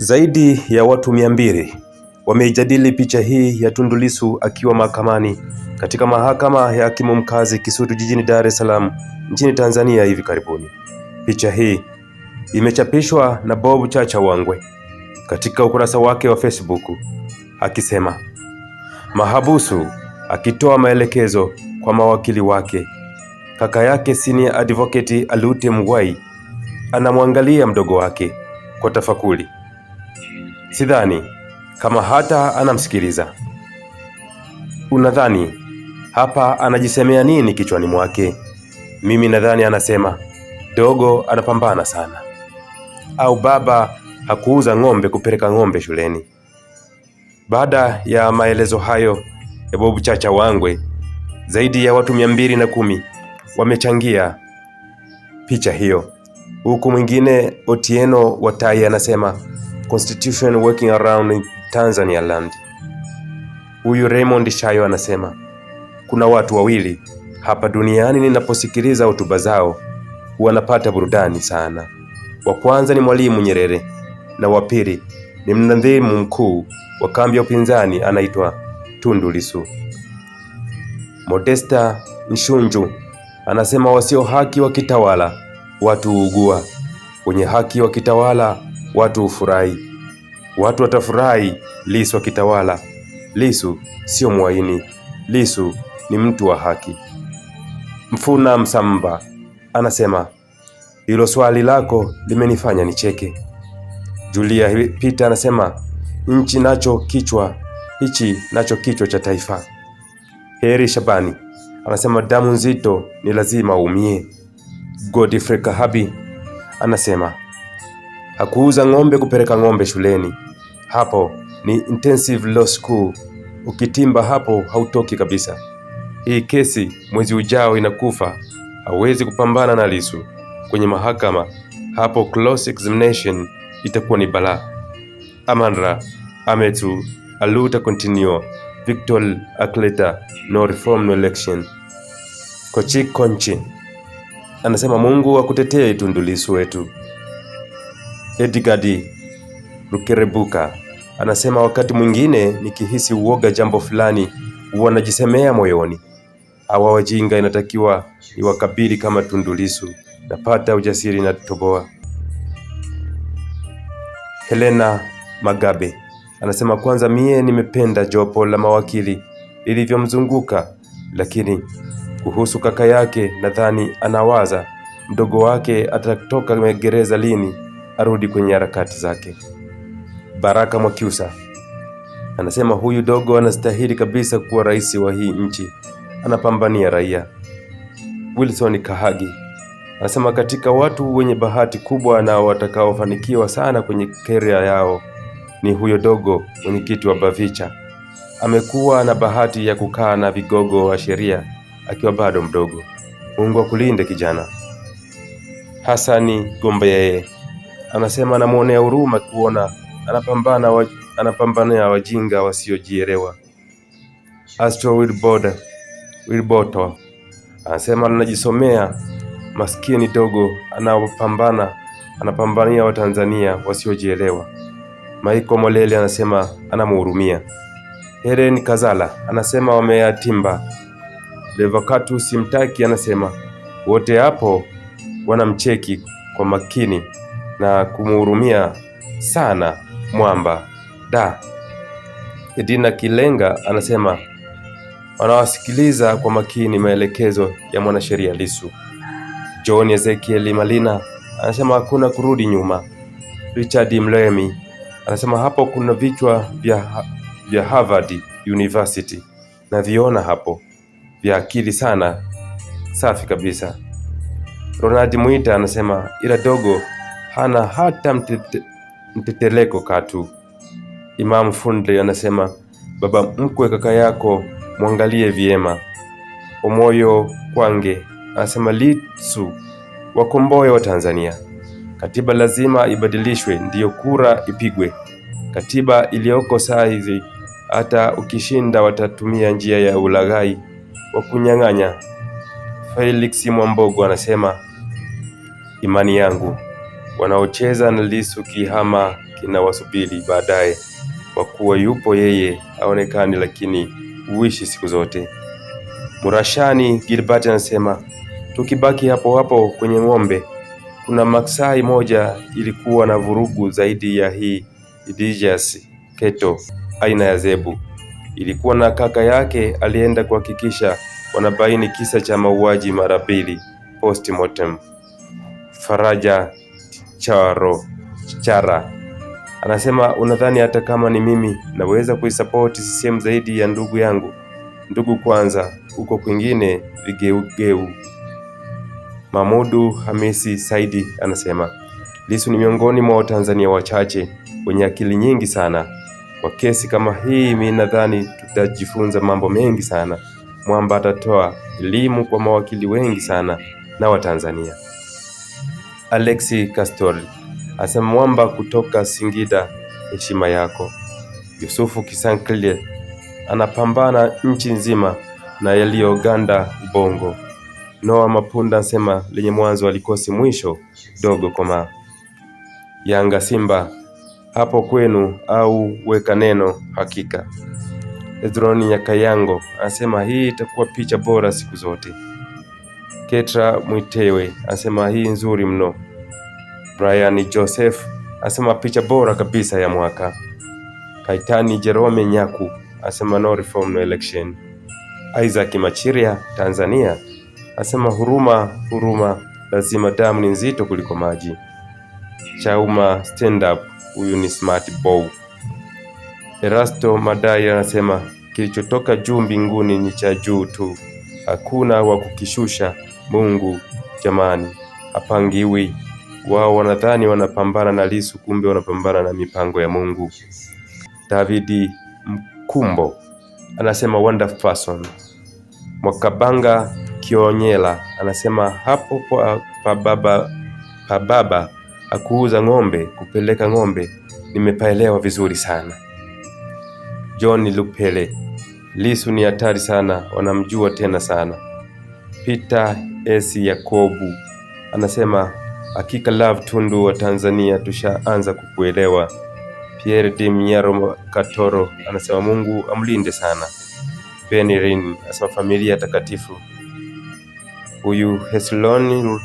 Zaidi ya watu mia mbili wameijadili picha hii ya Tundu Lissu akiwa mahakamani katika mahakama ya hakimu mkazi Kisutu jijini Dar es Salaam nchini Tanzania hivi karibuni. Picha hii imechapishwa na Bob Chacha Wangwe katika ukurasa wake wa Facebook akisema mahabusu, akitoa maelekezo kwa mawakili wake. Kaka yake senior advocate Alute Mwai anamwangalia mdogo wake kwa tafakuri. Sidhani kama hata anamsikiliza. Unadhani hapa anajisemea nini kichwani mwake? Mimi nadhani anasema dogo anapambana sana, au baba hakuuza ng'ombe kupeleka ng'ombe shuleni. Baada ya maelezo hayo ya Bobu Chacha Wangwe, zaidi ya watu mia mbili na kumi wamechangia picha hiyo, huku mwingine Otieno Watai anasema constitution working around Tanzania land. Huyu Raymond Shayo anasema kuna watu wawili hapa duniani ninaposikiliza hotuba zao wanapata burudani sana. Wa kwanza ni Mwalimu Nyerere na wa pili ni mnadhimu mkuu wa kambi ya upinzani anaitwa Tundu Lissu. Modesta Nshunju anasema wasio haki wakitawala watu huugua, wenye haki wakitawala watu hufurahi, watu watafurahi Lisu akitawala. Lisu sio mwaini, Lisu ni mtu wa haki. Mfuna Msamba anasema hilo swali lako limenifanya nicheke. Julia Peter anasema nchi nacho kichwa hichi nacho kichwa cha taifa. Heri Shabani anasema damu nzito ni lazima uumie. Godfrey Kahabi anasema hakuuza ng'ombe kupeleka ng'ombe shuleni. Hapo ni intensive law school, ukitimba hapo hautoki kabisa. Hii kesi mwezi ujao inakufa, hawezi kupambana na lisu kwenye mahakama. Hapo cross examination itakuwa ni balaa. amandra Ametu aluta continue Victor Akleta no reform no election. Kochi Konchi anasema Mungu akutetee Tundu Lissu wetu. Edgard Rukerebuka anasema wakati mwingine nikihisi uoga jambo fulani huwa najisemea moyoni, hawa wajinga inatakiwa niwakabili kama Tundulisu. Napata ujasiri na toboa. Helena Magabe anasema kwanza, mie nimependa jopo la mawakili lilivyomzunguka, lakini kuhusu kaka yake nadhani anawaza mdogo wake atatoka gereza lini arudi kwenye harakati zake. Baraka Mwakyusa anasema huyu dogo anastahili kabisa kuwa rais wa hii nchi, anapambania raia. Wilson Kahagi anasema katika watu wenye bahati kubwa na watakaofanikiwa sana kwenye keria yao ni huyo dogo mwenyekiti wa Bavicha. Amekuwa na bahati ya kukaa na vigogo wa sheria akiwa bado mdogo. Mungu akulinde kijana. Hasani Gombe yeye Anasema anamwonea huruma kuona anapambana wa, anapambania wajinga wasiojielewa. Astro Wilboto anasema anajisomea maskini dogo anaopambana anapambania Watanzania wasiojielewa. Maiko Molele anasema anamuhurumia. Helen Kazala anasema wameyatimba. Levakatu Simtaki anasema wote hapo wanamcheki kwa makini na kumhurumia sana Mwamba. Da, Edina Kilenga anasema wanawasikiliza kwa makini maelekezo ya mwanasheria lisu John Ezekiel Malina anasema hakuna kurudi nyuma. Richard Mlemi anasema hapo kuna vichwa vya, vya Harvard University na viona hapo vya akili sana, safi kabisa. Ronald Mwita anasema ila dogo hana hata mtete, mteteleko katu. Imamu Fundri anasema baba mkwe kaka yako mwangalie vyema, omoyo kwange anasema Litsu wakomboe wa Tanzania, katiba lazima ibadilishwe, ndiyo kura ipigwe. Katiba iliyoko saa hizi hata ukishinda watatumia njia ya ulaghai wa kunyang'anya. Felix Mwambogo anasema imani yangu wanaocheza na Lissu kihama kinawasubiri baadaye, kwa kuwa yupo yeye aonekani, lakini huishi siku zote. Murashani Gilbert anasema tukibaki hapo hapo kwenye ng'ombe, kuna maksai moja ilikuwa na vurugu zaidi ya hii Idijas Keto aina ya zebu, ilikuwa na kaka yake alienda kuhakikisha wanabaini kisa cha mauaji mara mbili postmortem. Faraja Charo Chara anasema unadhani hata kama ni mimi naweza kuisapoti CCM zaidi ya ndugu yangu? Ndugu kwanza, huko kwingine vigeugeu. Mahmudu Hamisi Saidi anasema lisu ni miongoni mwa Watanzania wachache wenye akili nyingi sana. Kwa kesi kama hii, mi nadhani tutajifunza mambo mengi sana. Mwamba atatoa elimu kwa mawakili wengi sana na Watanzania. Alexi Castori asema mwamba kutoka Singida, heshima yako. Yusufu Kisankile anapambana nchi nzima na yaliyoganda Ubongo. Noa Mapunda asema lenye mwanzo alikosi mwisho dogo koma. Yanga Simba hapo kwenu au weka neno hakika. Edroni Nyakayango anasema hii itakuwa picha bora siku zote. Ketra Mwitewe asema hii nzuri mno. Brian Joseph asema picha bora kabisa ya mwaka. Kaitani Jerome Nyaku asema no reform no election. Isaac Machiria Tanzania asema huruma, huruma, lazima damu ni nzito kuliko maji. Chauma stand up, huyu ni smart bow. Erasto Madai anasema kilichotoka juu mbinguni ni cha juu tu, hakuna wa kukishusha Mungu jamani, hapangiwi. Wao wanadhani wanapambana na lisu, kumbe wanapambana na mipango ya Mungu. Davidi Mkumbo anasema wonderful person. Mwakabanga Kionyela anasema hapo pa baba pa baba akuuza ng'ombe kupeleka ng'ombe, nimepaelewa vizuri sana. John Lupele, Lisu ni hatari sana, wanamjua tena sana. Peter S Yakobu anasema hakika Love Tundu wa Tanzania tushaanza kukuelewa. Pierre de Miaro Katoro anasema Mungu amlinde sana. Benirin anasema familia takatifu. Huyu Hesloni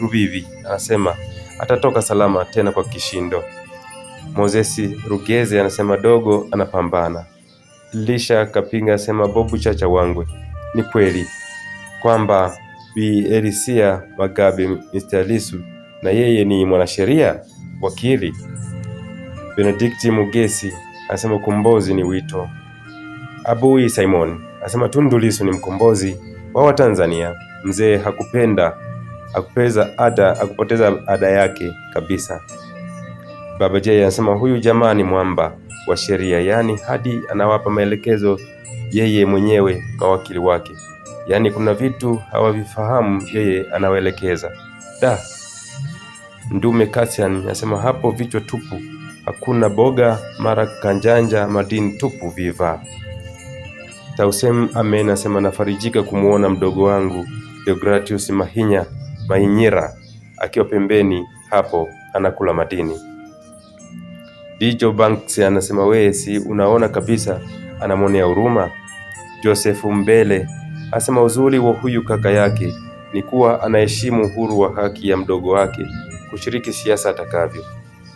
Rubivi anasema atatoka salama tena kwa kishindo. mozesi Rugeze anasema dogo anapambana. Lisha Kapinga anasema bobu chacha wangwe, ni kweli kwamba Bi Elisia Magabe Mr. na yeye ni mwanasheria wakili. Benedikti Mugesi anasema ukombozi ni wito. Abui Simon anasema Tundu Lissu ni mkombozi wa Watanzania. Mzee hakupenda akupeza ada akupoteza ada yake kabisa. Baba Jay anasema huyu jamaa ni mwamba wa sheria, yaani hadi anawapa maelekezo yeye mwenyewe mawakili wake yaani kuna vitu hawavifahamu yeye anawaelekeza. Da, Ndume Cassian anasema hapo vichwa tupu, hakuna boga mara kanjanja, madini tupu viva. Tausem Amen asema nafarijika kumwona mdogo wangu Deogratius Mahinya Mainyira akiwa pembeni hapo anakula madini. Dijo Banks anasema weye, si unaona kabisa, anamwonea huruma. Joseph Mbele Asema uzuri wa huyu kaka yake ni kuwa anaheshimu uhuru wa haki ya mdogo wake kushiriki siasa atakavyo.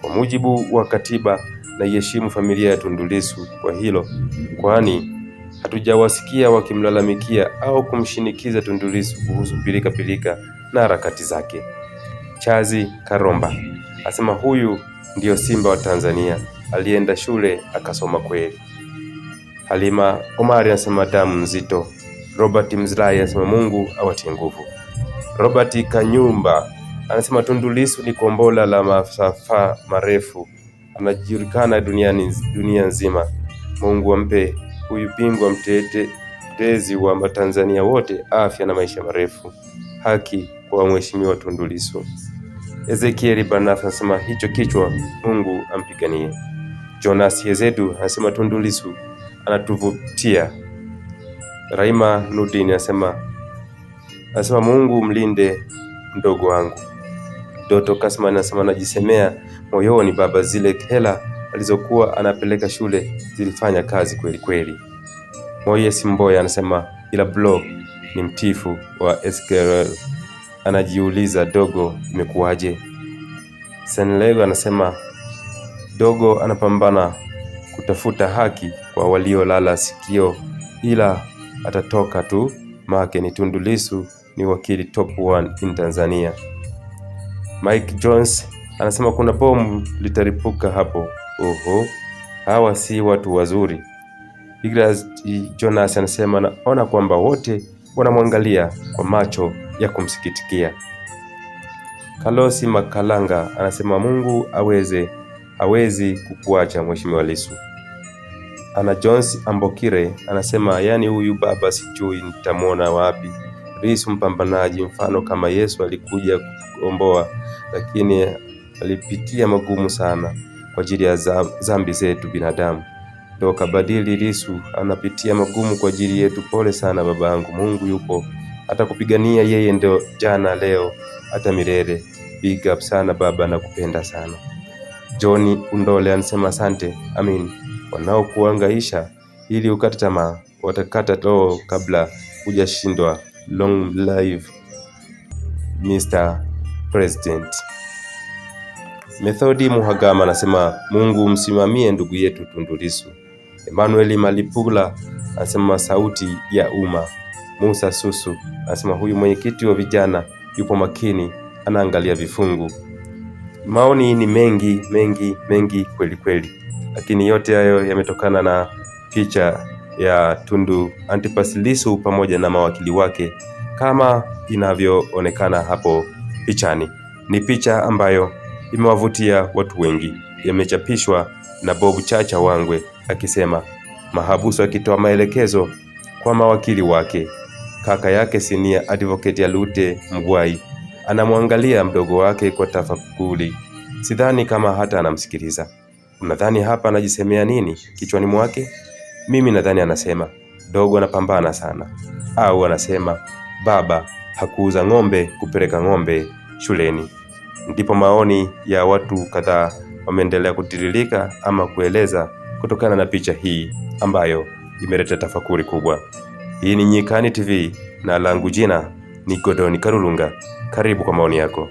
Kwa mujibu wa katiba, naiheshimu familia ya Tundu Lissu kwa hilo, kwani hatujawasikia wakimlalamikia au kumshinikiza Tundu Lissu kuhusu pilikapilika na harakati zake. Chazi Karomba asema huyu ndiyo simba wa Tanzania, alienda shule akasoma kweli. Halima Omari anasema damu nzito Robert Mzlai anasema Mungu awatie nguvu. Robert Kanyumba anasema Tundu Lissu ni kombola la masafa marefu, anajulikana duniani dunia nzima. Mungu ampe huyu bingwa mtetezi wa Watanzania wote afya na maisha marefu. Haki kwa mheshimiwa Tundu Lissu. Ezekieli banaf anasema hicho kichwa Mungu ampiganie. Jonas Yezedu anasema Tundu Lissu anatuvutia Raima Nudini anasema anasema Mungu mlinde mdogo wangu. Doto kasma anasema anajisemea moyoni, baba, zile hela alizokuwa anapeleka shule zilifanya kazi kweli kweli. Moyes Mboya anasema ila blog ni mtifu wa SQL, anajiuliza dogo imekuwaje. Senlego anasema dogo anapambana kutafuta haki kwa waliolala sikio, ila atatoka tu, make ni Tundu Lissu ni wakili top 1 in Tanzania. Mike Jones anasema kuna bomu litaripuka hapo. Oho, hawa si watu wazuri. Igras Jonas anasema naona kwamba wote wanamwangalia kwa macho ya kumsikitikia. Kalosi Makalanga anasema Mungu aweze hawezi kukuacha Mheshimiwa Lissu. Ana Jones Ambokire anasema yaani, huyu baba sijui nitamwona wapi. risu mpambanaji, mfano kama Yesu alikuja kukomboa, lakini alipitia magumu sana kwa ajili ya dhambi zetu binadamu. Ndo kabadili Lissu anapitia magumu kwa ajili yetu. Pole sana babangu, Mungu yupo atakupigania yeye, ndio jana, leo, hata milele. Big up sana baba, nakupenda sana. John Undole anasema asante, amin wanaokuangaisha ili ukate tamaa, watakata roho kabla hujashindwa. Long live Mr. President. Methodi Muhagama anasema Mungu msimamie ndugu yetu Tundu Lissu. Emmanuel Malipula anasema sauti ya umma. Musa Susu anasema huyu mwenyekiti wa vijana yupo makini, anaangalia vifungu. Maoni ni mengi mengi mengi kweli kweli lakini yote hayo yametokana na picha ya Tundu Antipas Lissu pamoja na mawakili wake kama inavyoonekana hapo pichani. Ni picha ambayo imewavutia watu wengi, imechapishwa na Bob Chacha Wangwe akisema mahabusu, akitoa maelekezo kwa mawakili wake. Kaka yake Sinia Advocate Alute Mgwai anamwangalia mdogo wake kwa tafakuri, sidhani kama hata anamsikiliza unadhani hapa anajisemea nini kichwani mwake? Mimi nadhani anasema dogo anapambana sana, au anasema baba hakuuza ng'ombe kupeleka ng'ombe shuleni. Ndipo maoni ya watu kadhaa wameendelea kutiririka ama kueleza kutokana na picha hii ambayo imeleta tafakuri kubwa. Hii ni Nyikani TV na langu jina ni Godoni Karulunga. Karibu kwa maoni yako.